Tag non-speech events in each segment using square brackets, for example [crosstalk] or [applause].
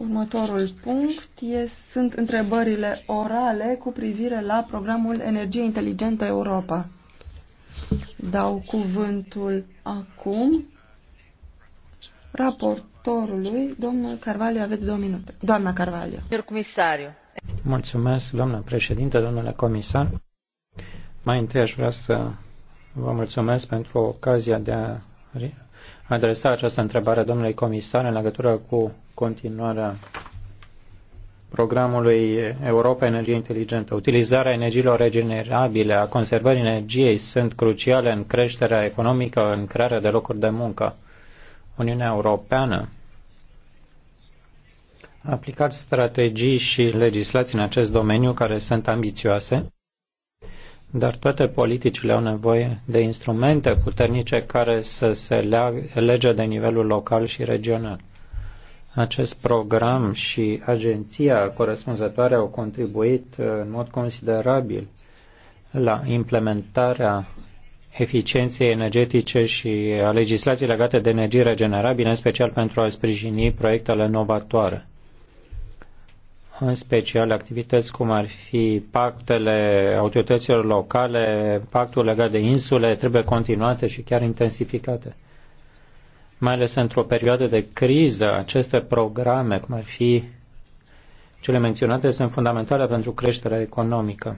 Următorul punct e, sunt întrebările orale cu privire la programul Energie Inteligentă Europa. Dau cuvântul acum raportorului, domnul Carvalho, aveți două minute. Doamna Carvalho. Comisariu. Mulțumesc, doamna președinte, domnule comisar. Mai întâi aș vrea să vă mulțumesc pentru ocazia de a adresa această întrebare domnului comisar în legătură cu continuarea programului Europa Energie Inteligentă. Utilizarea energiilor regenerabile, a conservării energiei sunt cruciale în creșterea economică, în crearea de locuri de muncă. Uniunea Europeană a aplicat strategii și legislații în acest domeniu care sunt ambițioase dar toate politicile au nevoie de instrumente puternice care să se lege de nivelul local și regional. Acest program și agenția corespunzătoare au contribuit uh, în mod considerabil la implementarea eficienței energetice și a legislației legate de energie regenerabile, în special pentru a sprijini proiectele novatoare în special activități cum ar fi pactele autorităților locale, pactul legat de insule, trebuie continuate și chiar intensificate. Mai ales într-o perioadă de criză, aceste programe, cum ar fi cele menționate, sunt fundamentale pentru creșterea economică.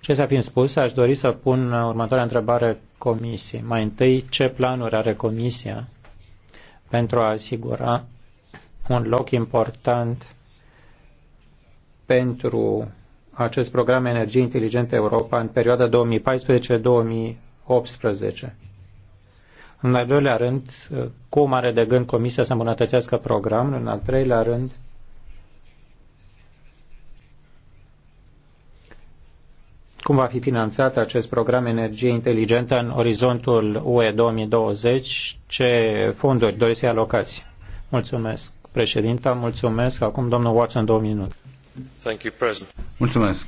Acestea fiind spus, aș dori să pun următoarea întrebare Comisiei. Mai întâi, ce planuri are Comisia pentru a asigura un loc important pentru acest program Energie Inteligentă Europa în perioada 2014-2018. În al doilea rând, cum are de gând Comisia să îmbunătățească programul? În al treilea rând, cum va fi finanțat acest program Energie Inteligentă în orizontul UE 2020? Ce fonduri doriți să alocați? Mulțumesc, președinta. Mulțumesc. Acum, domnul Watson, două minute. Mulțumesc,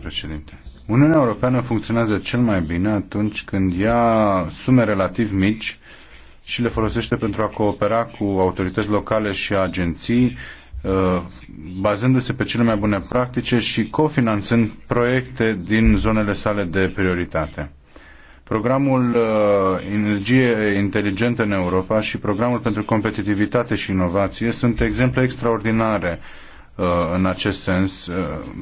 președinte. Uniunea Europeană funcționează cel mai bine atunci când ia sume relativ mici și le folosește pentru a coopera cu autorități locale și agenții, uh, bazându-se pe cele mai bune practice și cofinanțând proiecte din zonele sale de prioritate. Programul uh, Energie Inteligentă în Europa și programul pentru competitivitate și inovație sunt exemple extraordinare uh, Uh, în acest sens uh,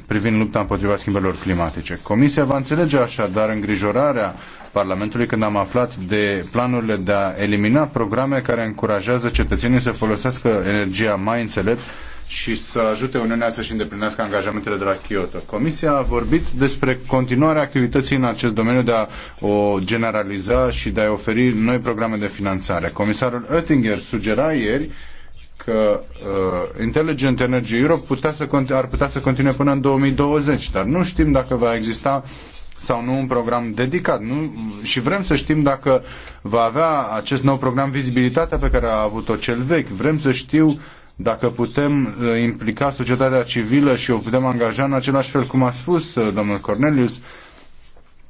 privind lupta împotriva schimbărilor climatice. Comisia va înțelege așadar îngrijorarea Parlamentului când am aflat de planurile de a elimina programe care încurajează cetățenii să folosească energia mai înțelept și să ajute Uniunea să-și îndeplinească angajamentele de la Kyoto. Comisia a vorbit despre continuarea activității în acest domeniu de a o generaliza și de a oferi noi programe de finanțare. Comisarul Oettinger sugera ieri că uh, Intelligent Energy Europe putea să, ar putea să continue până în 2020, dar nu știm dacă va exista sau nu un program dedicat. Nu? Și vrem să știm dacă va avea acest nou program vizibilitatea pe care a avut-o cel vechi. Vrem să știu dacă putem uh, implica societatea civilă și o putem angaja în același fel cum a spus uh, domnul Cornelius,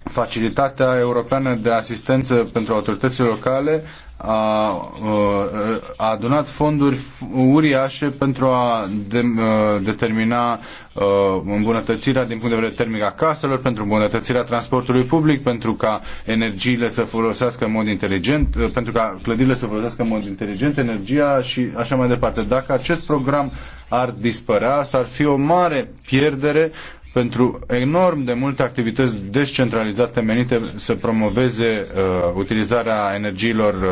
facilitatea europeană de asistență pentru autoritățile locale a, a adunat fonduri uriașe pentru a de, a, determina a, îmbunătățirea din punct de vedere termic a caselor, pentru îmbunătățirea transportului public, pentru ca energiile să folosească în mod inteligent, pentru ca clădirile să folosească în mod inteligent energia și așa mai departe. Dacă acest program ar dispărea, asta ar fi o mare pierdere pentru enorm de multe activități descentralizate menite să promoveze uh, utilizarea energiilor uh,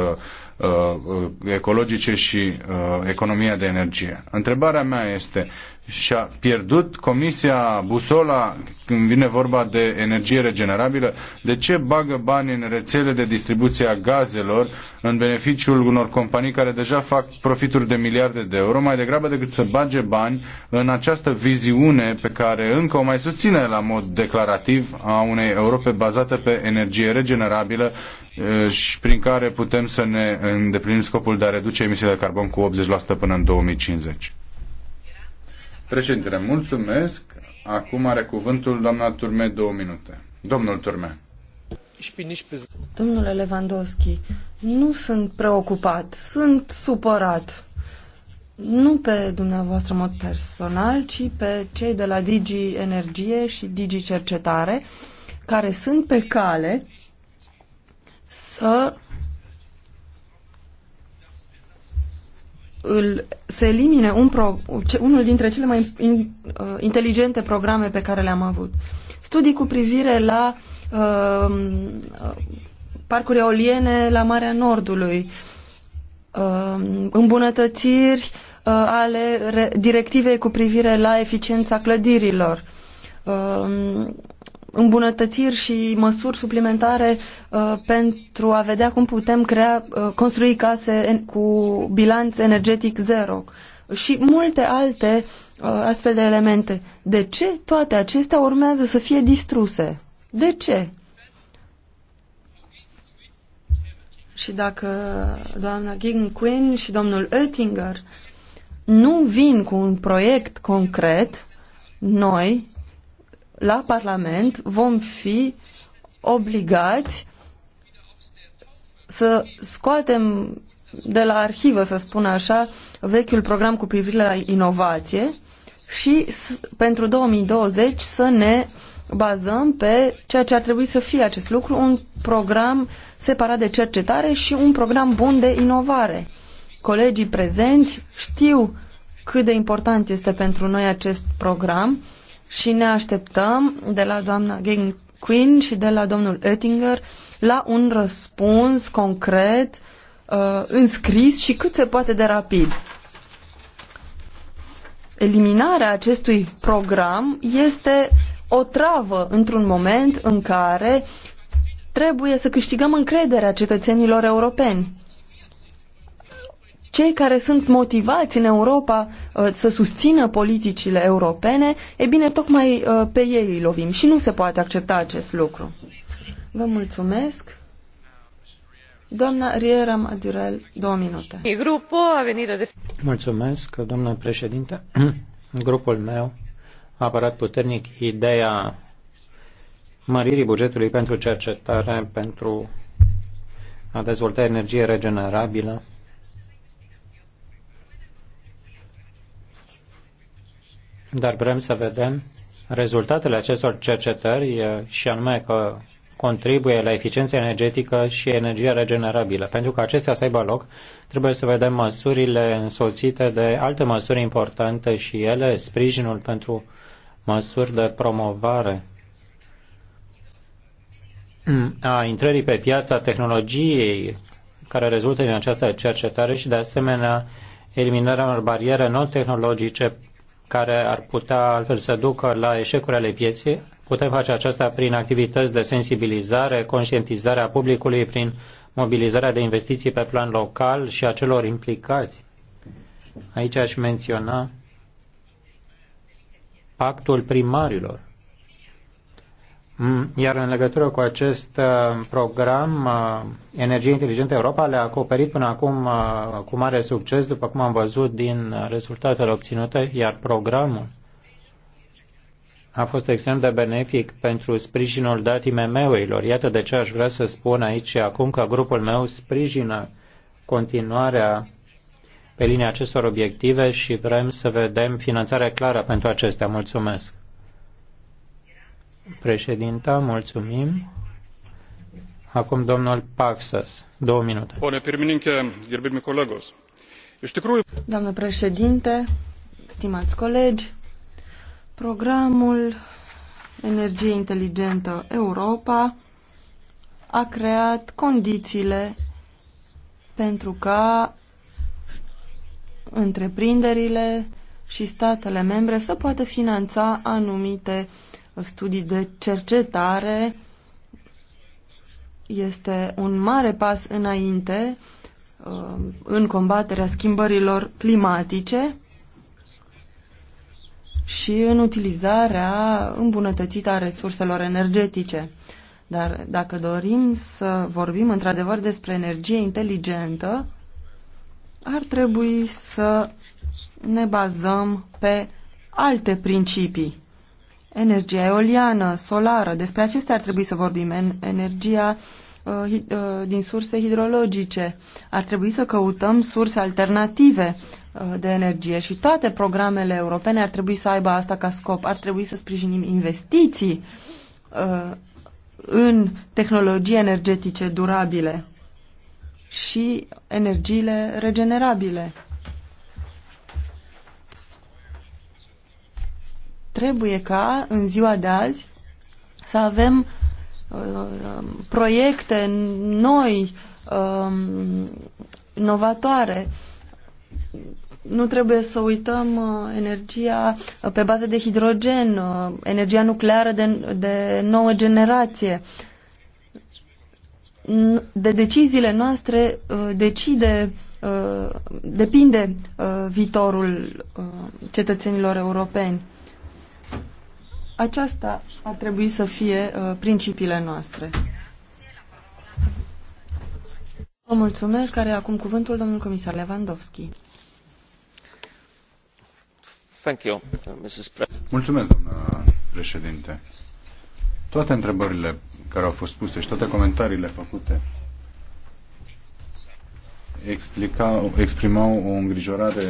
uh ecologice și uh, economia de energie. Întrebarea mea este, și-a pierdut Comisia Busola când vine vorba de energie regenerabilă? De ce bagă bani în rețele de distribuție a gazelor în beneficiul unor companii care deja fac profituri de miliarde de euro, mai degrabă decât să bage bani în această viziune pe care încă o mai susține la mod declarativ a unei Europe bazată pe energie regenerabilă eh, și prin care putem să ne îndeplinim scopul de a reduce emisiile de carbon cu 80% până în 2050? Președinte, mulțumesc. Acum are cuvântul doamna Turme două minute. Domnul Turme. Domnule Lewandowski, nu sunt preocupat, sunt supărat. Nu pe dumneavoastră în mod personal, ci pe cei de la Digi Energie și Digi Cercetare, care sunt pe cale să îl, se elimine un pro, unul dintre cele mai in, uh, inteligente programe pe care le-am avut. Studii cu privire la uh, parcuri eoliene la Marea Nordului, uh, îmbunătățiri uh, ale re, directivei cu privire la eficiența clădirilor, uh, îmbunătățiri și măsuri suplimentare uh, pentru a vedea cum putem crea, uh, construi case en, cu bilanț energetic zero și multe alte uh, astfel de elemente. De ce toate acestea urmează să fie distruse? De ce? Și dacă doamna Gign Quinn și domnul Oettinger nu vin cu un proiect concret, noi, la Parlament vom fi obligați să scoatem de la arhivă, să spun așa, vechiul program cu privire la inovație și pentru 2020 să ne bazăm pe ceea ce ar trebui să fie acest lucru, un program separat de cercetare și un program bun de inovare. Colegii prezenți știu cât de important este pentru noi acest program și ne așteptăm de la doamna Gang Queen și de la domnul Oettinger la un răspuns concret, uh, înscris și cât se poate de rapid. Eliminarea acestui program este o travă într-un moment în care trebuie să câștigăm încrederea cetățenilor europeni cei care sunt motivați în Europa uh, să susțină politicile europene, e bine, tocmai uh, pe ei îi lovim și nu se poate accepta acest lucru. Vă mulțumesc. Doamna Riera Madurel, două minute. Grupul a venit de... Mulțumesc, domnule președinte. [clears throat] Grupul meu a apărat puternic ideea măririi bugetului pentru cercetare, pentru a dezvolta energie regenerabilă dar vrem să vedem rezultatele acestor cercetări și anume că contribuie la eficiența energetică și energia regenerabilă. Pentru că acestea să aibă loc, trebuie să vedem măsurile însoțite de alte măsuri importante și ele, sprijinul pentru măsuri de promovare a intrării pe piața tehnologiei care rezultă din această cercetare și, de asemenea, eliminarea unor bariere non-tehnologice care ar putea altfel să ducă la eșecuri ale pieței. Putem face aceasta prin activități de sensibilizare, conștientizare a publicului, prin mobilizarea de investiții pe plan local și a celor implicați. Aici aș menționa pactul primarilor. Mm, iar în legătură cu acest uh, program, uh, Energie Inteligentă Europa le-a acoperit până acum uh, cu mare succes, după cum am văzut din rezultatele obținute, iar programul a fost extrem de benefic pentru sprijinul dat IMM-urilor. Iată de ce aș vrea să spun aici și acum că grupul meu sprijină continuarea pe linia acestor obiective și vrem să vedem finanțarea clară pentru acestea. Mulțumesc! Președinta, mulțumim. Acum domnul Paxas, două minute. Bună, pirmininke, gerbimi colegos. Doamnă președinte, stimați colegi, programul Energie Inteligentă Europa a creat condițiile pentru ca întreprinderile și statele membre să poată finanța anumite uh, studii de cercetare este un mare pas înainte uh, în combaterea schimbărilor climatice și în utilizarea îmbunătățită a resurselor energetice. Dar dacă dorim să vorbim într-adevăr despre energie inteligentă, ar trebui să ne bazăm pe alte principii energia eoliană, solară, despre acestea ar trebui să vorbim, energia uh, uh, din surse hidrologice. Ar trebui să căutăm surse alternative uh, de energie și toate programele europene ar trebui să aibă asta ca scop. Ar trebui să sprijinim investiții în tehnologii energetice durabile și energiile regenerabile. Trebuie ca în ziua de azi să avem uh, proiecte noi, uh, Nu trebuie să uităm uh, energia uh, pe bază de hidrogen, uh, energia nucleară de, de nouă generație. De deciziile noastre uh, decide uh, depinde uh, viitorul cetățenilor europeni. Aceasta ar trebui să fie uh, principiile noastre. Vă mulțumesc. Care acum cuvântul domnul comisar Lewandowski. Thank you, Mrs. mulțumesc, doamnă președinte. Toate întrebările care au fost puse și toate comentariile făcute explicau, exprimau o îngrijorare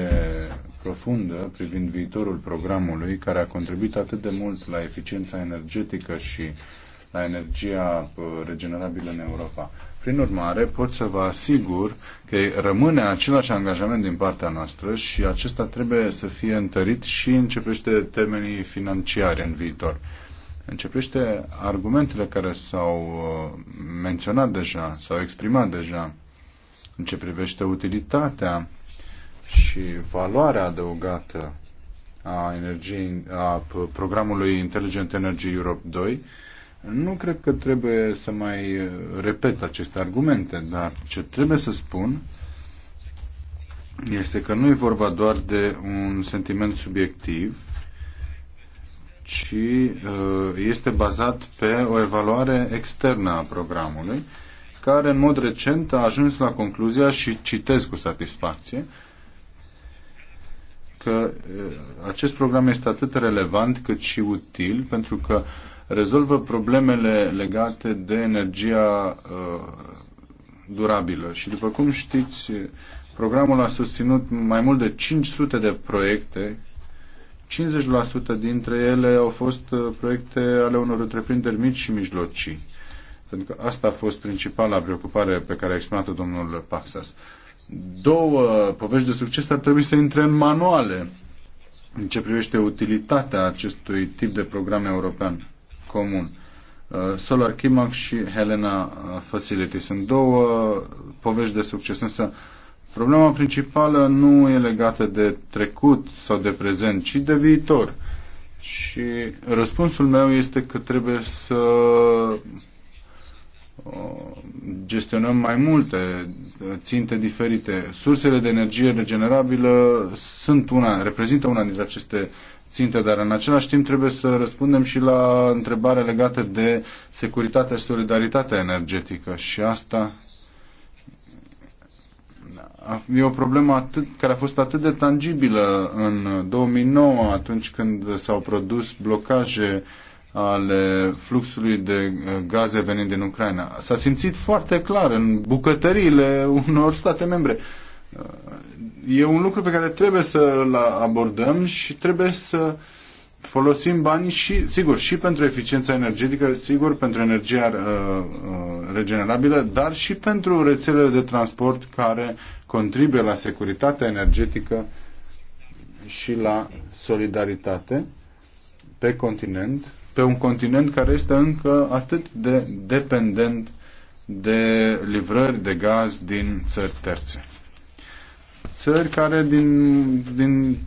profundă privind viitorul programului care a contribuit atât de mult la eficiența energetică și la energia uh, regenerabilă în Europa. Prin urmare, pot să vă asigur că rămâne același angajament din partea noastră și acesta trebuie să fie întărit și începește termenii financiare în viitor. Începește argumentele care s-au uh, menționat deja, s-au exprimat deja în ce privește utilitatea și valoarea adăugată a, energiei, a programului Intelligent Energy Europe 2, nu cred că trebuie să mai repet aceste argumente, dar ce trebuie să spun este că nu e vorba doar de un sentiment subiectiv, ci uh, este bazat pe o evaluare externă a programului, care în mod recent a ajuns la concluzia și citesc cu satisfacție că acest program este atât relevant cât și util pentru că rezolvă problemele legate de energia durabilă. Și după cum știți, programul a susținut mai mult de 500 de proiecte 50% dintre ele au fost proiecte ale unor întreprinderi mici și mijlocii. Pentru că asta a fost principala preocupare pe care a exprimat-o domnul Paxas două povești de succes ar trebui să intre în manuale în ce privește utilitatea acestui tip de program european comun. Uh, Solar Kimac și Helena Facility sunt două povești de succes, însă problema principală nu e legată de trecut sau de prezent, ci de viitor. Și răspunsul meu este că trebuie să Uh, gestionăm mai multe uh, ținte diferite. Sursele de energie regenerabilă sunt una, reprezintă una dintre aceste ținte, dar în același timp trebuie să răspundem și la întrebarea legată de securitatea și solidaritatea energetică și asta e o problemă atât, care a fost atât de tangibilă în 2009 atunci când s-au produs blocaje al fluxului de uh, gaze venind din Ucraina. S-a simțit foarte clar în bucătăriile [laughs] unor state membre. Uh, e un lucru pe care trebuie să-l abordăm și trebuie să folosim bani și, sigur, și pentru eficiența energetică, sigur, pentru energia uh, regenerabilă, dar și pentru rețelele de transport care contribuie la securitatea energetică și la solidaritate pe continent pe un continent care este încă atât de dependent de livrări de gaz din țări terțe. Țări care din, din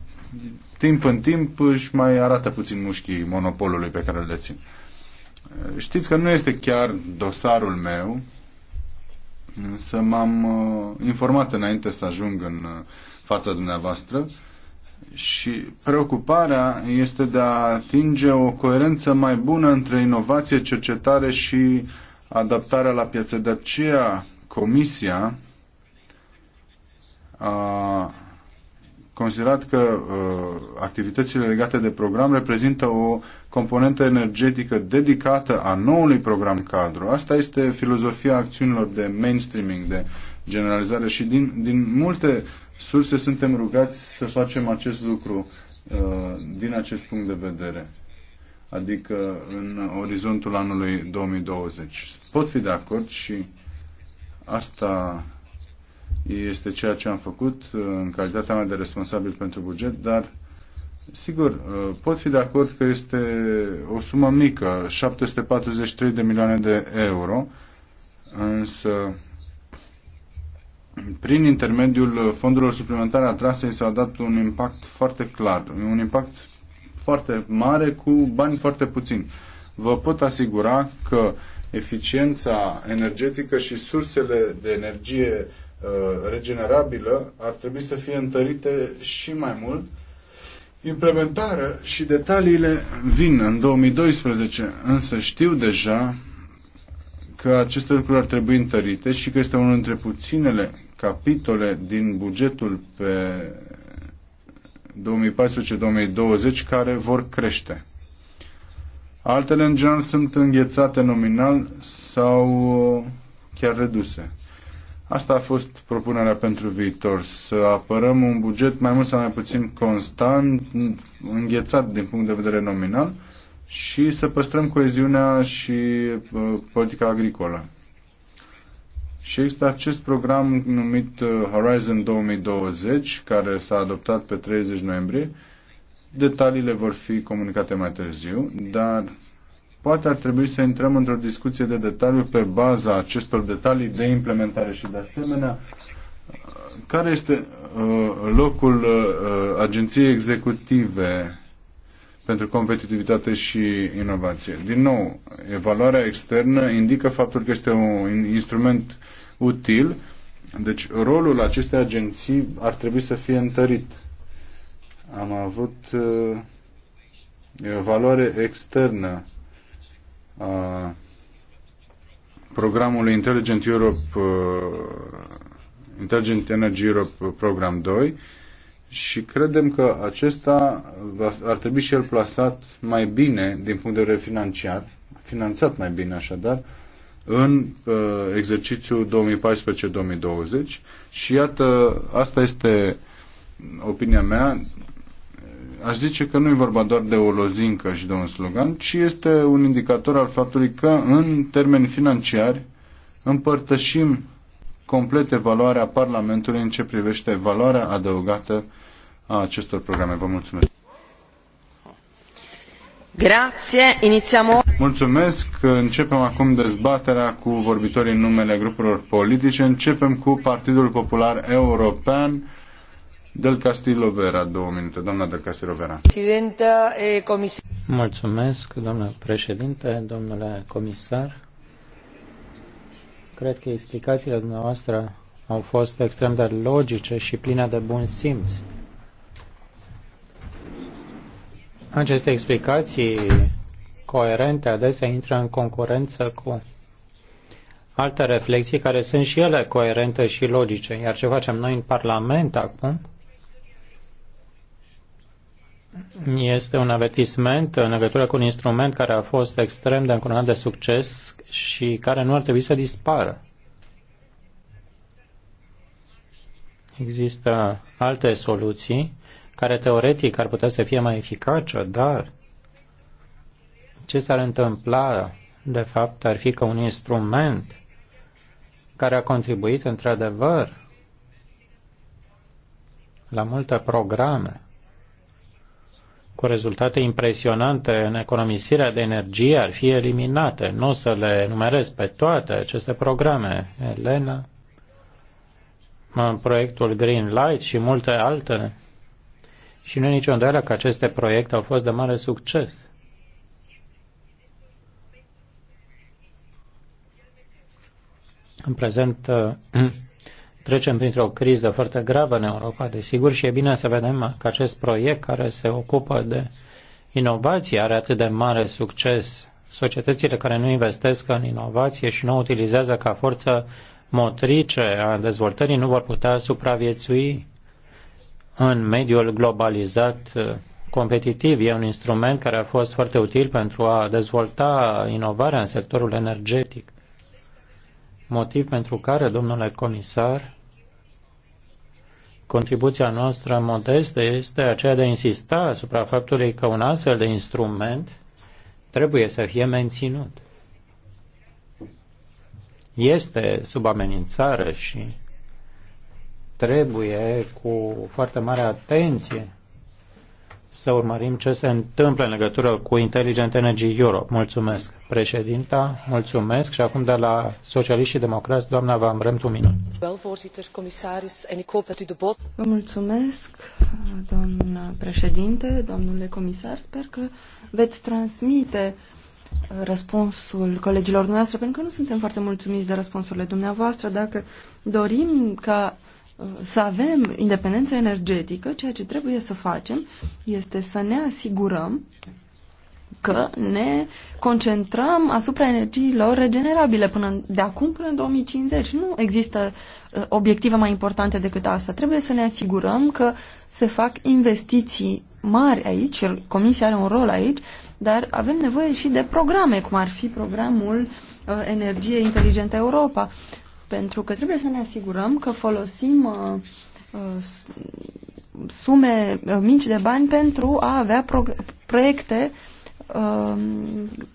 timp în timp își mai arată puțin mușchii monopolului pe care îl dețin. Știți că nu este chiar dosarul meu, însă m-am uh, informat înainte să ajung în uh, fața dumneavoastră și preocuparea este de a atinge o coerență mai bună între inovație, cercetare și adaptarea la piață. De aceea, Comisia a considerat că uh, activitățile legate de program reprezintă o componentă energetică dedicată a noului program cadru. Asta este filozofia acțiunilor de mainstreaming, de generalizare și din, din multe surse suntem rugați să facem acest lucru uh, din acest punct de vedere, adică în orizontul anului 2020. Pot fi de acord și asta este ceea ce am făcut uh, în calitatea mea de responsabil pentru buget, dar sigur, uh, pot fi de acord că este o sumă mică, 743 de milioane de euro, însă prin intermediul fondurilor suplimentare atrase s-a dat un impact foarte clar, un impact foarte mare cu bani foarte puțini. Vă pot asigura că eficiența energetică și sursele de energie uh, regenerabilă ar trebui să fie întărite și mai mult. Implementarea și detaliile vin în 2012, însă știu deja că aceste lucruri ar trebui întărite și că este unul dintre puținele capitole din bugetul pe 2014-2020 care vor crește. Altele, în general, sunt înghețate nominal sau uh, chiar reduse. Asta a fost propunerea pentru viitor, să apărăm un buget mai mult sau mai puțin constant, înghețat din punct de vedere nominal, și să păstrăm coeziunea și uh, politica agricolă. Și există acest program numit uh, Horizon 2020, care s-a adoptat pe 30 noiembrie. Detaliile vor fi comunicate mai târziu, dar poate ar trebui să intrăm într-o discuție de detaliu pe baza acestor detalii de implementare și de asemenea uh, care este uh, locul uh, agenției executive pentru competitivitate și inovație. Din nou, evaluarea externă indică faptul că este un instrument util, deci rolul acestei agenții ar trebui să fie întărit. Am avut uh, evaluare externă a programului Intelligent Europe, uh, Intelligent Energy Europe Program 2, și credem că acesta va, ar trebui și el plasat mai bine din punct de vedere financiar, finanțat mai bine așadar, în uh, exercițiul 2014-2020 și iată, asta este opinia mea, aș zice că nu e vorba doar de o lozincă și de un slogan, ci este un indicator al faptului că în termeni financiari împărtășim complet valoarea Parlamentului în ce privește valoarea adăugată a acestor programe. Vă mulțumesc! Grazie, Mulțumesc. Începem acum dezbaterea cu vorbitorii în numele grupurilor politice. Începem cu Partidul Popular European. Del Castillo Vera, două minute. Doamna Del Castillo Vera. Eh, mulțumesc, doamna președinte, domnule comisar. Cred că explicațiile dumneavoastră au fost extrem de logice și pline de bun simț. Aceste explicații coerente adesea intră în concurență cu alte reflexii care sunt și ele coerente și logice. Iar ce facem noi în Parlament acum este un avertisment în legătură cu un instrument care a fost extrem de încununat de succes și care nu ar trebui să dispară. Există alte soluții care teoretic ar putea să fie mai eficace, dar ce s-ar întâmpla, de fapt, ar fi că un instrument care a contribuit, într-adevăr, la multe programe cu rezultate impresionante în economisirea de energie ar fi eliminate. Nu o să le enumerez pe toate aceste programe. Elena, proiectul Green Light și multe altele și nu e nicio îndoială că aceste proiecte au fost de mare succes. În prezent uh, [clears throat] trecem printr-o criză foarte gravă în Europa, desigur, și e bine să vedem că acest proiect care se ocupă de inovație are atât de mare succes. Societățile care nu investesc în inovație și nu o utilizează ca forță motrice a dezvoltării nu vor putea supraviețui în mediul globalizat uh, competitiv. E un instrument care a fost foarte util pentru a dezvolta inovarea în sectorul energetic. Motiv pentru care, domnule comisar, contribuția noastră modestă este aceea de a insista asupra faptului că un astfel de instrument trebuie să fie menținut. Este sub amenințare și Trebuie cu foarte mare atenție să urmărim ce se întâmplă în legătură cu Intelligent Energy Europe. Mulțumesc, președinta, mulțumesc și acum de la Socialiști și Democrați, doamna Van Bremt, un minut. Vă mulțumesc, doamna președinte, domnule comisar, sper că veți transmite uh, răspunsul colegilor dumneavoastră, pentru că nu suntem foarte mulțumiți de răspunsurile dumneavoastră. Dacă dorim ca să avem independență energetică, ceea ce trebuie să facem este să ne asigurăm că ne concentrăm asupra energiilor regenerabile până de acum până în 2050. Nu există uh, obiective mai importante decât asta. Trebuie să ne asigurăm că se fac investiții mari aici, Comisia are un rol aici, dar avem nevoie și de programe, cum ar fi programul uh, Energie Inteligentă Europa. Pentru că trebuie să ne asigurăm că folosim uh, uh, sume uh, mici de bani pentru a avea proiecte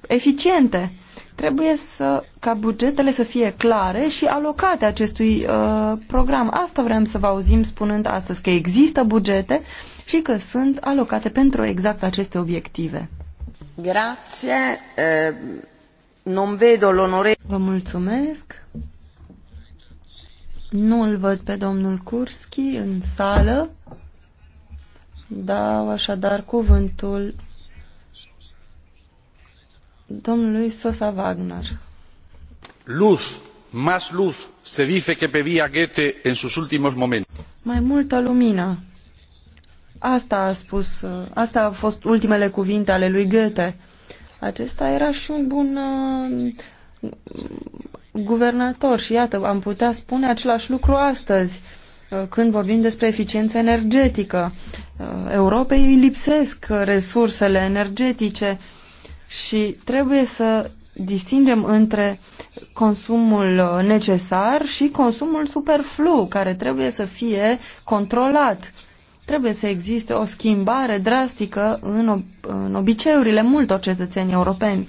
eficiente. Trebuie să, ca bugetele să fie clare și alocate acestui uh, program. Asta vrem să vă auzim spunând astăzi, că există bugete și că sunt alocate pentru exact aceste obiective. Grazie. Uh, non vedo l'onore. Vă mulțumesc. Nu îl văd pe domnul Kurski în sală. Dau așadar cuvântul domnului Sosa Wagner. Luz, más luz, se dice que pedía Goethe en sus últimos momentos. Mai multă lumină. Asta a spus, asta a fost ultimele cuvinte ale lui Goethe. Acesta era și un bun guvernator și iată, am putea spune același lucru astăzi uh, când vorbim despre eficiență energetică. Uh, Europei îi lipsesc resursele energetice și trebuie să distingem între consumul uh, necesar și consumul superflu, care trebuie să fie controlat. Trebuie să existe o schimbare drastică în obiceiurile multor cetățeni europeni.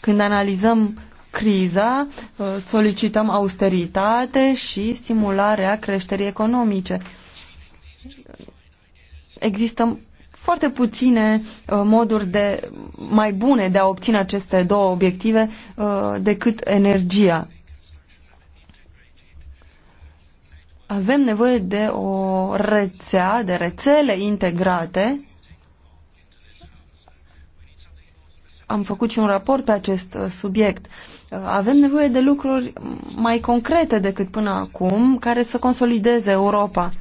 Când analizăm criza, uh, solicităm austeritate și stimularea creșterii economice. Există foarte puține uh, moduri de mai bune de a obține aceste două obiective uh, decât energia. Avem nevoie de o rețea, de rețele integrate am făcut și un raport pe acest uh, subiect. Uh, avem nevoie de lucruri mai concrete decât până acum, care să consolideze Europa.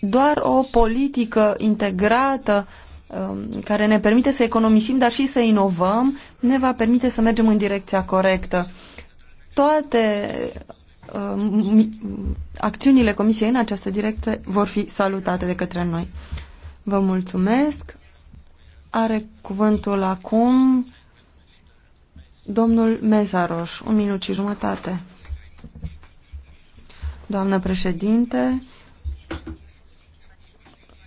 Doar o politică integrată um, care ne permite să economisim, dar și să inovăm, ne va permite să mergem în direcția corectă. Toate um, acțiunile Comisiei în această direcție vor fi salutate de către noi. Vă mulțumesc. Are cuvântul acum domnul Mezaroș. Un minut și jumătate. Doamnă președinte,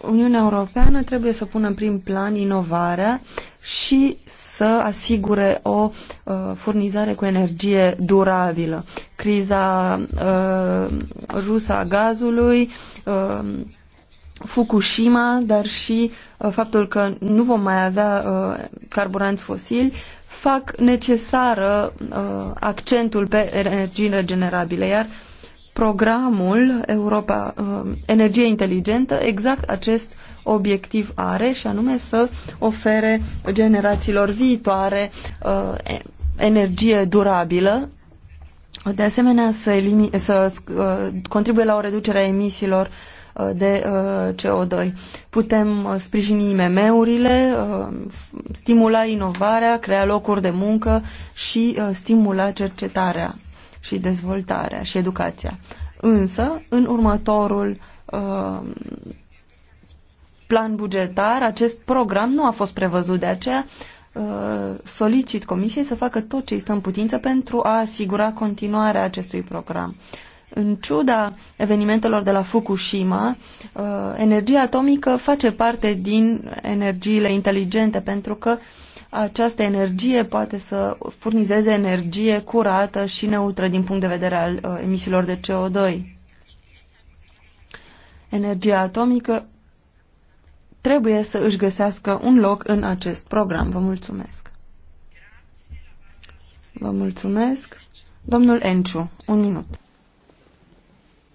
Uniunea Europeană trebuie să pună în prim plan inovarea și să asigure o uh, furnizare cu energie durabilă. Criza uh, rusă a gazului, uh, Fukushima, dar și uh, faptul că nu vom mai avea uh, carburanți fosili, fac necesară uh, accentul pe energii regenerabile, iar programul Europa Energie Inteligentă exact acest obiectiv are și anume să ofere generațiilor viitoare energie durabilă, de asemenea să, elimine, să contribuie la o reducere a emisiilor de uh, CO2. Putem uh, sprijini IMM-urile, uh, stimula inovarea, crea locuri de muncă și stimula cercetarea și dezvoltarea și educația. Însă, în următorul plan bugetar, acest program nu a fost prevăzut, de aceea solicit Comisiei să facă tot ce este în putință pentru a asigura continuarea acestui program. În ciuda evenimentelor de la Fukushima, uh, energia atomică face parte din energiile inteligente pentru că această energie poate să furnizeze energie curată și neutră din punct de vedere al uh, emisiilor de CO2. Energia atomică trebuie să își găsească un loc în acest program. Vă mulțumesc! Vă mulțumesc! Domnul Enciu, un minut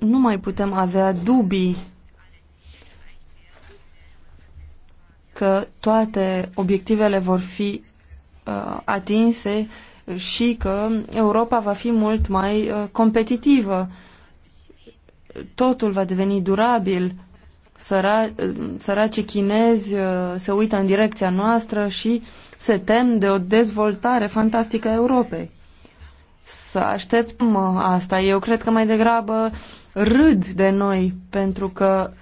nu mai putem avea dubii că toate obiectivele vor fi uh, atinse și că Europa va fi mult mai uh, competitivă. Totul va deveni durabil. Săra, uh, săracii chinezi uh, se uită în direcția noastră și se tem de o dezvoltare fantastică a Europei să așteptăm uh, asta. Eu cred că mai degrabă râd de noi, pentru că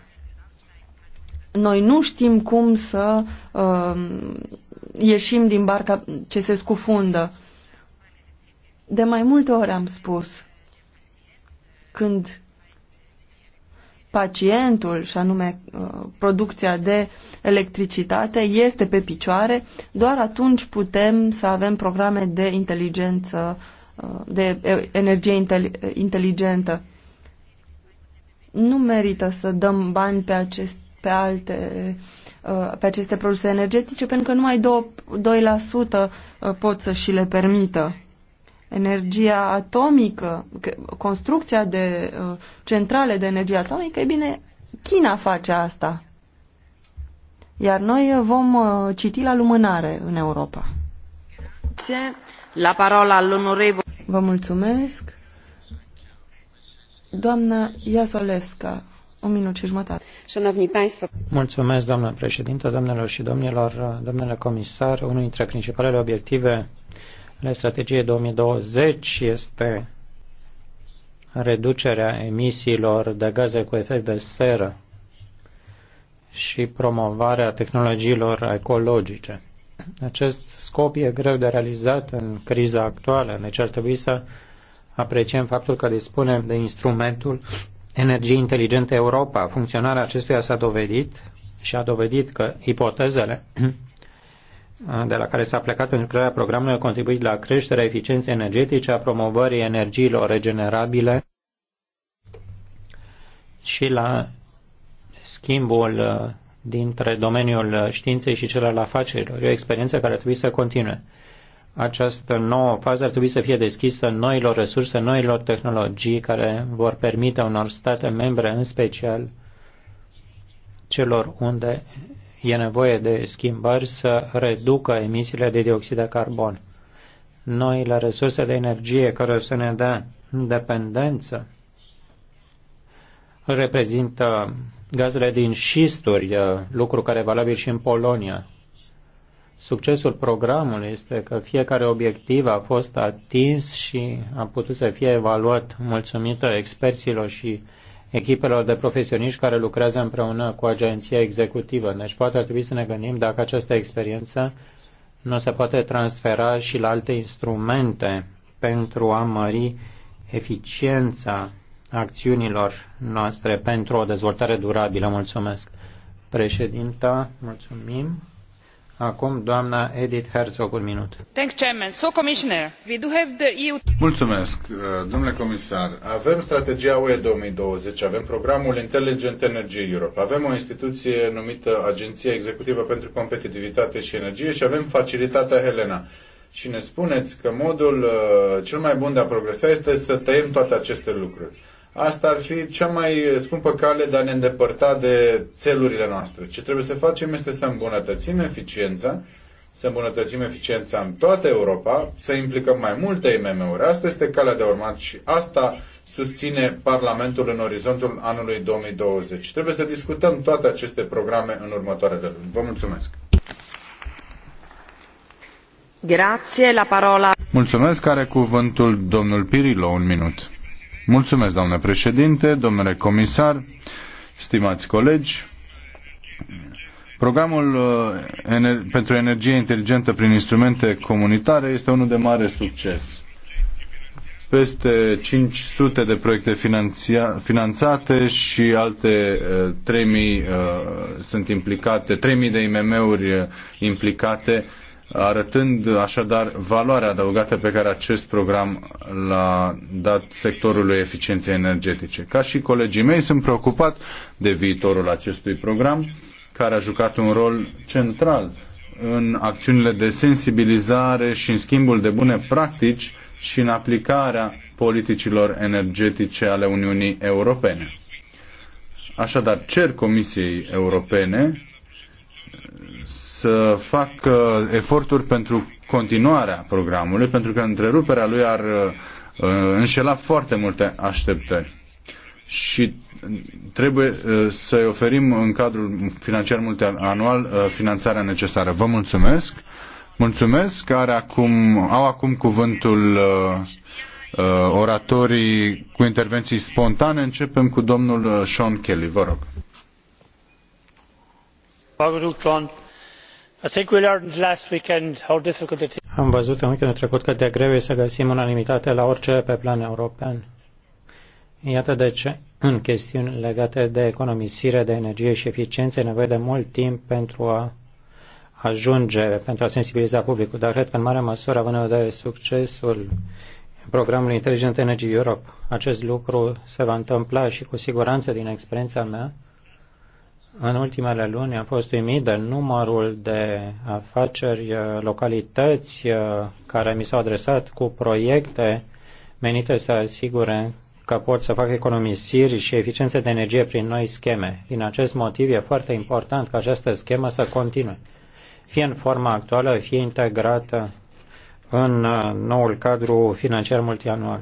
noi nu știm cum să uh, ieșim din barca ce se scufundă. De mai multe ori am spus, când pacientul, și anume uh, producția de electricitate, este pe picioare, doar atunci putem să avem programe de inteligență de energie inteligentă. Nu merită să dăm bani pe, acest, pe alte uh, pe aceste produse energetice pentru că numai 2%, uh, pot să și le permită. Energia atomică, construcția de uh, centrale de energie atomică, e bine, China face asta. Iar noi vom citi la lumânare în Europa. La parola all'onorevole Vă mulțumesc. Doamna Iasolevska, un minut și jumătate. Șanovni Państwo. Mulțumesc, doamna președintă, domnilor și domnilor, domnule comisar. Unul dintre principalele obiective ale strategiei 2020 este reducerea emisiilor de gaze cu efect de seră și promovarea tehnologiilor ecologice. Acest scop e greu de realizat în criza actuală, deci ar trebui să apreciem faptul că dispunem de instrumentul Energie Inteligente Europa. Funcționarea acestuia s-a dovedit și a dovedit că ipotezele de la care s-a plecat pentru crearea programului au contribuit la creșterea eficienței energetice, a promovării energiilor regenerabile și la schimbul dintre domeniul științei și cel al afacerilor. E o experiență care trebuie să continue. Această nouă fază ar trebui să fie deschisă noilor resurse, noilor tehnologii care vor permite unor state membre, în special celor unde e nevoie de schimbări, să reducă emisiile de dioxid de carbon. Noile resurse de energie care să ne dea independență reprezintă gazele din șisturi, lucru care e valabil și în Polonia. Succesul programului este că fiecare obiectiv a fost atins și a putut să fie evaluat mulțumită experților și echipelor de profesioniști care lucrează împreună cu agenția executivă. Deci poate ar trebui să ne gândim dacă această experiență nu se poate transfera și la alte instrumente pentru a mări eficiența acțiunilor noastre pentru o dezvoltare durabilă. Mulțumesc. Președinta, mulțumim. Acum, doamna Edith Herzog, un minut. Thanks, Chairman. So, Commissioner, we do have the EU... Mulțumesc, uh, domnule comisar. Avem strategia UE 2020, avem programul Intelligent Energy Europe, avem o instituție numită Agenția Executivă pentru Competitivitate și Energie și avem facilitatea Helena și ne spuneți că modul uh, cel mai bun de a progresa este să tăiem toate aceste lucruri. Asta ar fi cea mai scumpă cale de a ne îndepărta de țelurile noastre. Ce trebuie să facem este să îmbunătățim eficiența, să îmbunătățim eficiența în toată Europa, să implicăm mai multe IMM-uri. Asta este calea de urmat și asta susține Parlamentul în orizontul anului 2020. Trebuie să discutăm toate aceste programe în următoarele luni. Vă mulțumesc! Grație, la parola. Mulțumesc, are cuvântul domnul Pirilo, un minut. Mulțumesc, doamnă președinte, domnule comisar, stimați colegi. Programul uh, pentru energie inteligentă prin instrumente comunitare este unul de mare succes. Peste 500 de proiecte finanțate și alte 3000 uh, uh, sunt implicate, 3000 de IMM-uri implicate arătând așadar valoarea adăugată pe care acest program l-a dat sectorului eficienței energetice. Ca și colegii mei, sunt preocupat de viitorul acestui program, care a jucat un rol central în acțiunile de sensibilizare și în schimbul de bune practici și în aplicarea politicilor energetice ale Uniunii Europene. Așadar, cer Comisiei Europene să fac eforturi pentru continuarea programului, pentru că întreruperea lui ar uh, uh, înșela foarte multe așteptări. Și trebuie uh, să-i oferim în cadrul financiar multianual finanțarea necesară. Vă mulțumesc. Mulțumesc. Care acum, au acum cuvântul oratorii cu intervenții spontane. Începem cu domnul Sean Kelly. Vă rog. Am văzut în weekendul trecut cât de greu e să găsim unanimitate la orice pe plan european. Iată de ce, în chestiuni legate de economisire de energie și eficiență, e nevoie de mult timp pentru a ajunge, pentru a sensibiliza publicul. Dar cred că, în mare măsură, având de succesul programului Intelligent Energy Europe, acest lucru se va întâmpla și cu siguranță din experiența mea, în ultimele luni am fost uimit de numărul de afaceri, uh, localități uh, care mi s-au adresat cu proiecte menite să asigure că pot să fac economisiri și eficiențe de energie prin noi scheme. Din acest motiv e foarte important ca această schemă să continue, fie în forma actuală, fie integrată în uh, noul cadru financiar multianual.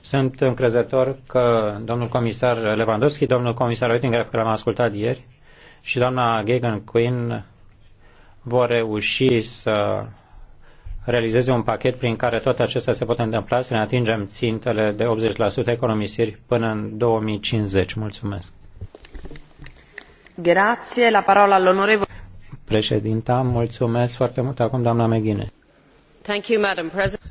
Sunt încrezător că domnul comisar Lewandowski, domnul comisar Oettinger, pe care l-am ascultat ieri, și doamna Gagan Quinn vor reuși să realizeze un pachet prin care toate acestea se pot întâmpla, să ne atingem țintele de 80% economisiri până în 2050. Mulțumesc. Grație, la parola all'onorevole. Președinta, mulțumesc foarte mult acum, doamna Meghine.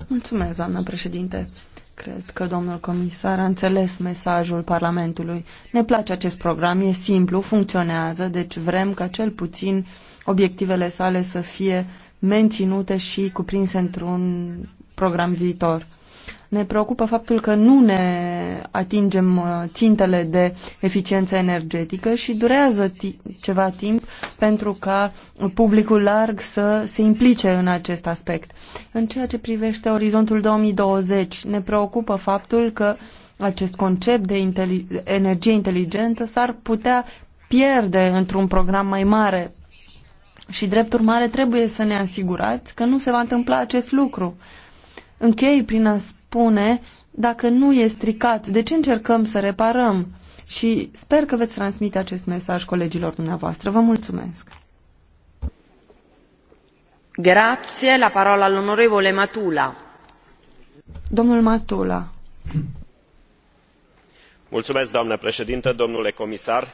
Mulțumesc, doamna președinte. Cred că domnul comisar a înțeles mesajul Parlamentului. Ne place acest program, e simplu, funcționează, deci vrem ca cel puțin obiectivele sale să fie menținute și cuprinse într-un program viitor. Ne preocupă faptul că nu ne atingem uh, țintele de eficiență energetică și durează ceva timp pentru ca publicul larg să se implice în acest aspect. În ceea ce privește orizontul 2020, ne preocupă faptul că acest concept de inteli- energie inteligentă s-ar putea pierde într-un program mai mare. Și drept urmare trebuie să ne asigurați că nu se va întâmpla acest lucru. Închei prin a spune, dacă nu e stricat, de ce încercăm să reparăm? Și sper că veți transmite acest mesaj colegilor dumneavoastră. Vă mulțumesc! Grazie, la parola all'onorevole Matula. Domnul Matula. Mulțumesc, doamnă președinte, domnule comisar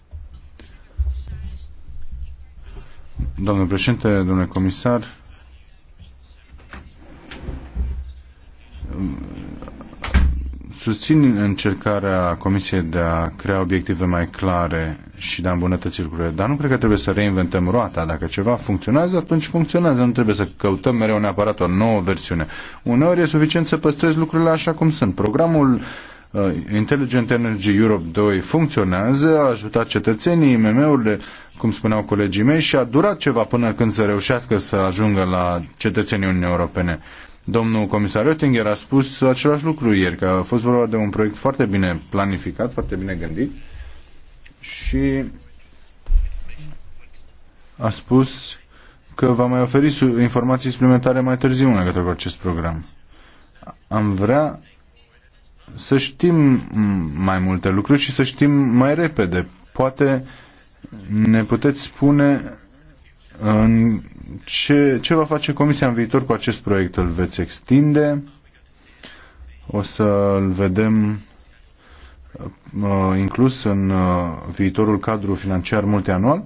Domnule președinte, domnule comisar, susțin încercarea Comisiei de a crea obiective mai clare și de a îmbunătăți lucrurile, dar nu cred că trebuie să reinventăm roata. Dacă ceva funcționează, atunci funcționează. Nu trebuie să căutăm mereu neapărat o nouă versiune. Uneori e suficient să păstrezi lucrurile așa cum sunt. Programul Uh, Intelligent Energy Europe 2 funcționează, a ajutat cetățenii, IMM-urile, cum spuneau colegii mei, și a durat ceva până când să reușească să ajungă la cetățenii Uniunii Europene. Domnul comisar Oettinger a spus același lucru ieri, că a fost vorba de un proiect foarte bine planificat, foarte bine gândit și a spus că va mai oferi informații suplimentare mai târziu în legătură cu acest program. Am vrea să știm mai multe lucruri și să știm mai repede. Poate ne puteți spune în ce, ce va face Comisia în viitor cu acest proiect? Îl veți extinde? O să-l vedem uh, inclus în uh, viitorul cadru financiar multianual?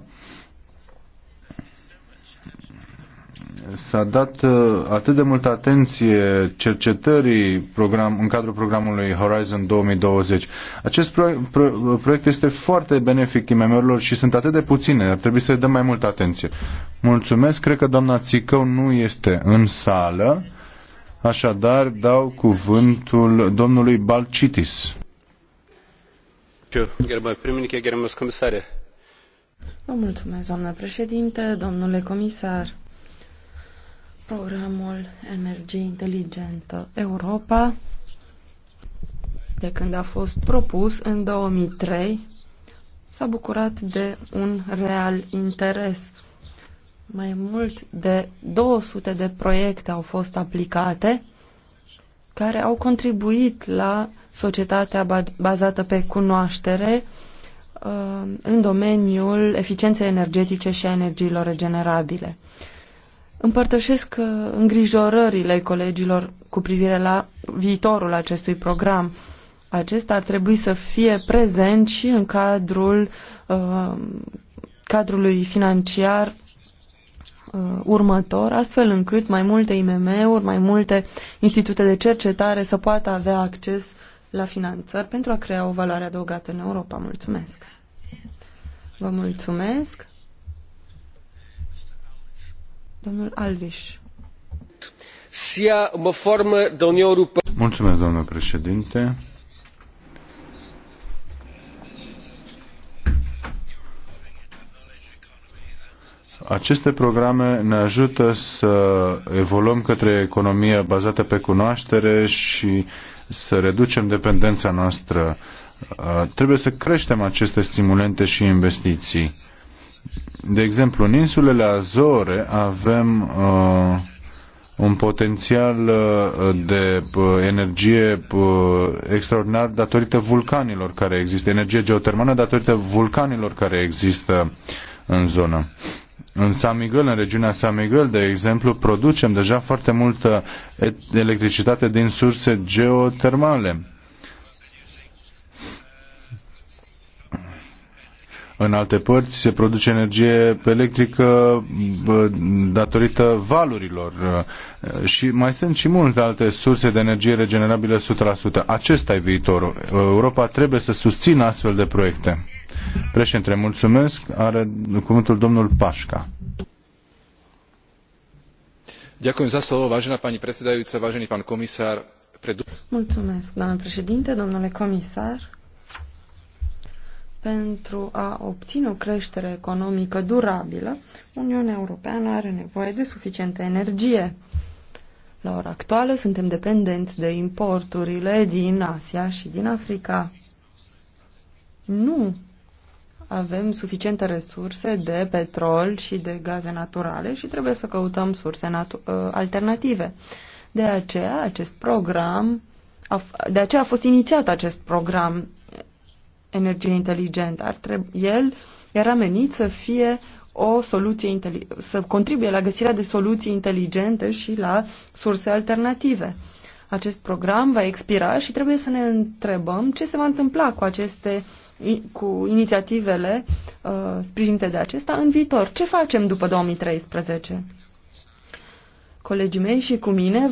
s-a dat uh, atât de multă atenție cercetării program, în cadrul programului Horizon 2020. Acest pro, pro, proiect este foarte benefic imm și sunt atât de puține, ar trebui să dăm mai multă atenție. Mulțumesc, cred că doamna Țicău nu este în sală, așadar dau cuvântul domnului Balcitis. Vă mulțumesc, doamnă președinte, domnule comisar programul Energie Inteligentă Europa, de când a fost propus în 2003, s-a bucurat de un real interes. Mai mult de 200 de proiecte au fost aplicate care au contribuit la societatea bazată pe cunoaștere uh, în domeniul eficienței energetice și a energiilor regenerabile. Împărtășesc uh, îngrijorările colegilor cu privire la viitorul acestui program. Acesta ar trebui să fie prezent și în cadrul uh, cadrului financiar uh, următor, astfel încât mai multe IMM-uri, mai multe institute de cercetare să poată avea acces la finanțări pentru a crea o valoare adăugată în Europa. Mulțumesc! Vă mulțumesc! o formă de Europeană. Mulțumesc, domnule președinte. Aceste programe ne ajută să evoluăm către economie bazată pe cunoaștere și să reducem dependența noastră. Trebuie să creștem aceste stimulente și investiții. De exemplu, în insulele Azore avem uh, un potențial uh, de uh, energie uh, extraordinar datorită vulcanilor care există, energie geotermală datorită vulcanilor care există în zonă. În San Miguel, în regiunea San Miguel, de exemplu, producem deja foarte multă electricitate din surse geotermale. în alte părți se produce energie electrică datorită valurilor eh, și mai sunt și multe alte surse de energie regenerabilă 100%. Acesta e viitorul. Europa trebuie să susțină astfel de proiecte. Președinte, mulțumesc. Are cuvântul domnul Pașca. Ďakujem za slovo, vážená pani predsedajúca, vážený pán komisár. Mulțumesc, doamnă președinte, domnule comisar. Pentru a obține o creștere economică durabilă, Uniunea Europeană are nevoie de suficientă energie. La ora actuală suntem dependenți de importurile din Asia și din Africa. Nu avem suficiente resurse de petrol și de gaze naturale și trebuie să căutăm surse ă, alternative. De aceea acest program de aceea a fost inițiat acest program energie inteligentă. Ar trebui, el era menit să fie o soluție să contribuie la găsirea de soluții inteligente și la surse alternative. Acest program va expira și trebuie să ne întrebăm ce se va întâmpla cu aceste cu inițiativele uh, sprijinite de acesta în viitor. Ce facem după 2013? Colegii mei și cu mine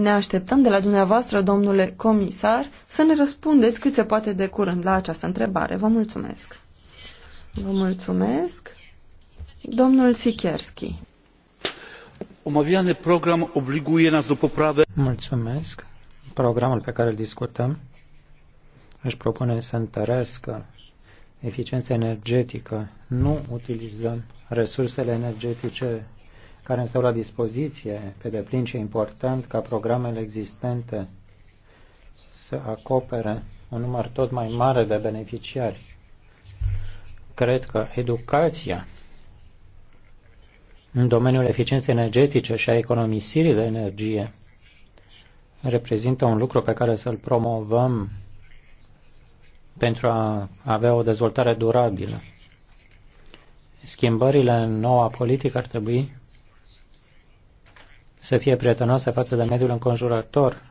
ne așteptăm de la dumneavoastră, domnule comisar, să ne răspundeți cât se poate de curând la această întrebare. Vă mulțumesc. Vă mulțumesc. Domnul Sikierski. Omawiany program obliguie nas do poprawy. Mulțumesc. Programul pe care îl discutăm își propune să întărească eficiența energetică. Nu utilizăm resursele energetice care îmi stau la dispoziție pe deplin și important ca programele existente să acopere un număr tot mai mare de beneficiari. Cred că educația în domeniul eficienței energetice și a economisirii de energie reprezintă un lucru pe care să-l promovăm pentru a avea o dezvoltare durabilă. Schimbările în noua politică ar trebui să fie prietenoasă față de mediul înconjurător.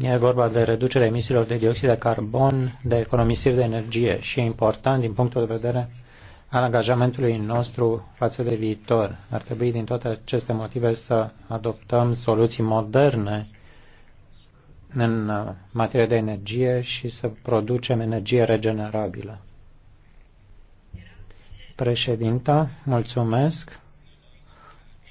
E vorba de reducerea emisiilor de dioxid de carbon, de economisiri de energie și e important din punctul de vedere al angajamentului nostru față de viitor. Ar trebui din toate aceste motive să adoptăm soluții moderne în materie de energie și să producem energie regenerabilă. Președinta, mulțumesc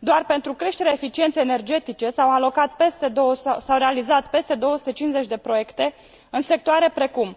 doar pentru creterea eficienei energetice s au realizat peste două sute cincizeci de proiecte în sectoare precum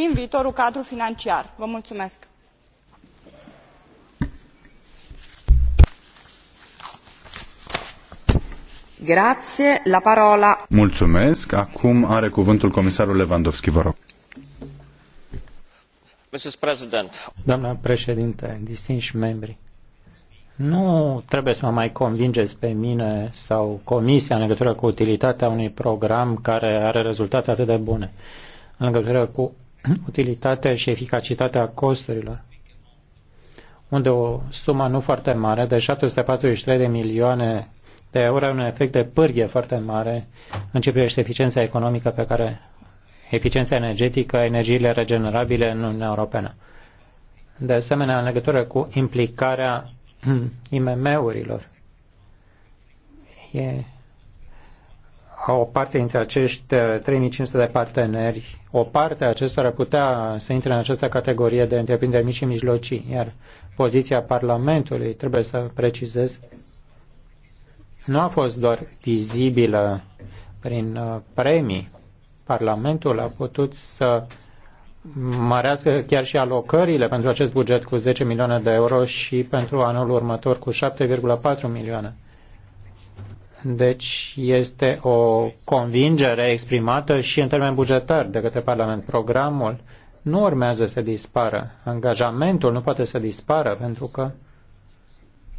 i în viitorul cadru financiar. Vă mulțumesc! Mulțumesc. Acum are cuvântul comisarul Lewandowski, membri, nu trebuie să mă mai convingeți pe mine sau comisia în legătură cu utilitatea unui program care are rezultate atât de bune. În legătură cu utilitatea și eficacitatea costurilor, unde o sumă nu foarte mare, de 743 de milioane de euro, are un efect de pârghie foarte mare în ce privește eficiența economică pe care eficiența energetică, energiile regenerabile în Uniunea Europeană. De asemenea, în legătură cu implicarea [clears throat] IMM-urilor, e o parte dintre acești 3500 uh, de parteneri, o parte a acestora ar putea să intre în această categorie de întreprinderi mici și mijlocii, iar poziția Parlamentului, trebuie să precizez, nu a fost doar vizibilă prin uh, premii. Parlamentul a putut să mărească chiar și alocările pentru acest buget cu 10 milioane de euro și pentru anul următor cu 7,4 milioane. Deci este o convingere exprimată și în termeni bugetari de către Parlament. Programul nu urmează să dispară. Angajamentul nu poate să dispară pentru că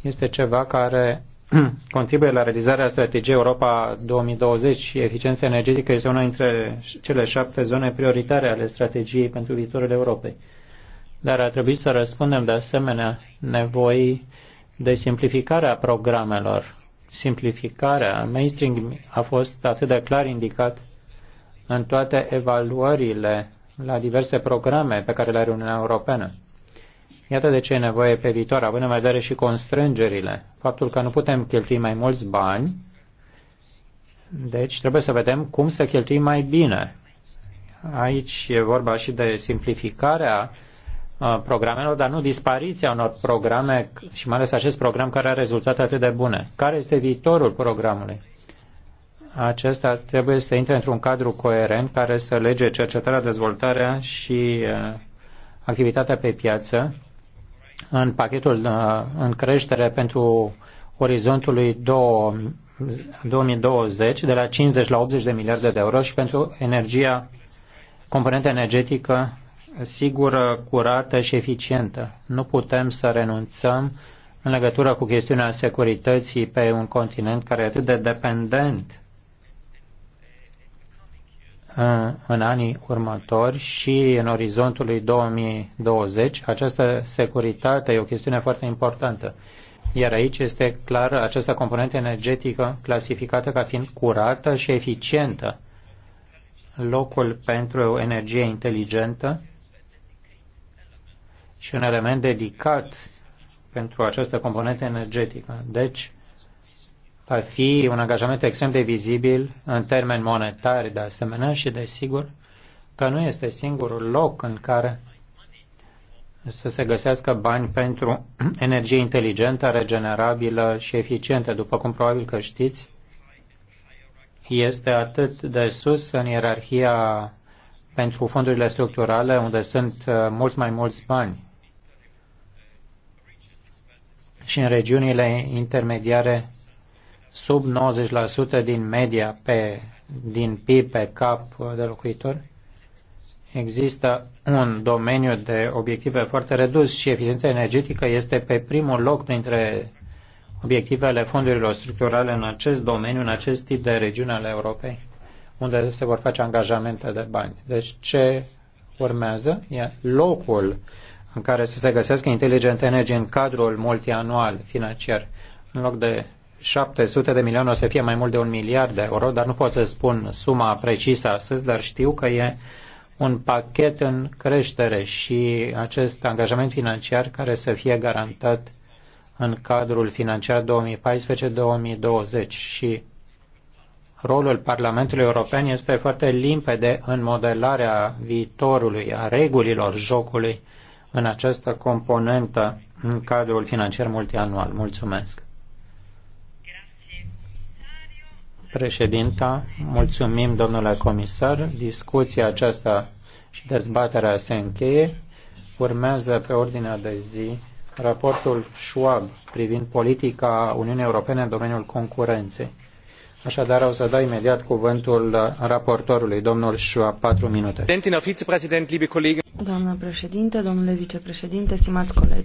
este ceva care [clears throat] contribuie la realizarea strategiei Europa 2020 și eficiența energetică este una dintre cele șapte zone prioritare ale strategiei pentru viitorul Europei. Dar ar trebui să răspundem de asemenea nevoii de simplificare a programelor simplificarea, mainstream a fost atât de clar indicat în toate evaluările la diverse programe pe care le are Uniunea Europeană. Iată de ce e nevoie pe viitor, având în vedere și constrângerile, faptul că nu putem cheltui mai mulți bani, deci trebuie să vedem cum să cheltuim mai bine. Aici e vorba și de simplificarea Uh, programelor, dar nu dispariția unor programe și mai ales acest program care a rezultate atât de bune. Care este viitorul programului? Acesta trebuie să intre într-un cadru coerent care să lege cercetarea, dezvoltarea și uh, activitatea pe piață în pachetul uh, în creștere pentru orizontului 2020 de la 50 la 80 de miliarde de euro și pentru energia componentă energetică sigură, curată și eficientă. Nu putem să renunțăm în legătură cu chestiunea securității pe un continent care e atât de dependent uh, în anii următori și în orizontul lui 2020. Această securitate e o chestiune foarte importantă. Iar aici este clar această componentă energetică clasificată ca fiind curată și eficientă. Locul pentru energie inteligentă și un element dedicat pentru această componentă energetică. Deci, va fi un angajament extrem de vizibil în termeni monetari de asemenea și desigur că nu este singurul loc în care să se găsească bani pentru [clears throat] energie inteligentă, regenerabilă și eficientă, după cum probabil că știți, este atât de sus în ierarhia pentru fondurile structurale, unde sunt uh, mulți mai mulți bani și în regiunile intermediare sub 90% din media pe, din PIB pe cap de locuitor, există un domeniu de obiective foarte redus și eficiența energetică este pe primul loc printre obiectivele fondurilor structurale în acest domeniu, în acest tip de regiune ale Europei, unde se vor face angajamente de bani. Deci ce urmează e locul în care să se găsească Intelligent Energy în cadrul multianual financiar. În loc de 700 de milioane o să fie mai mult de un miliard de euro, dar nu pot să spun suma precisă astăzi, dar știu că e un pachet în creștere și acest angajament financiar care să fie garantat în cadrul financiar 2014-2020 și rolul Parlamentului European este foarte limpede în modelarea viitorului, a regulilor jocului în această componentă în cadrul financiar multianual. Mulțumesc. Președinta, mulțumim, domnule comisar. Discuția aceasta și dezbaterea se încheie. Urmează pe ordinea de zi raportul Schwab privind politica Uniunii Europene în domeniul concurenței. Așadar, o să dau imediat cuvântul raportorului, domnul Schwab, patru minute. Doamna președinte, domnule vicepreședinte, stimați colegi.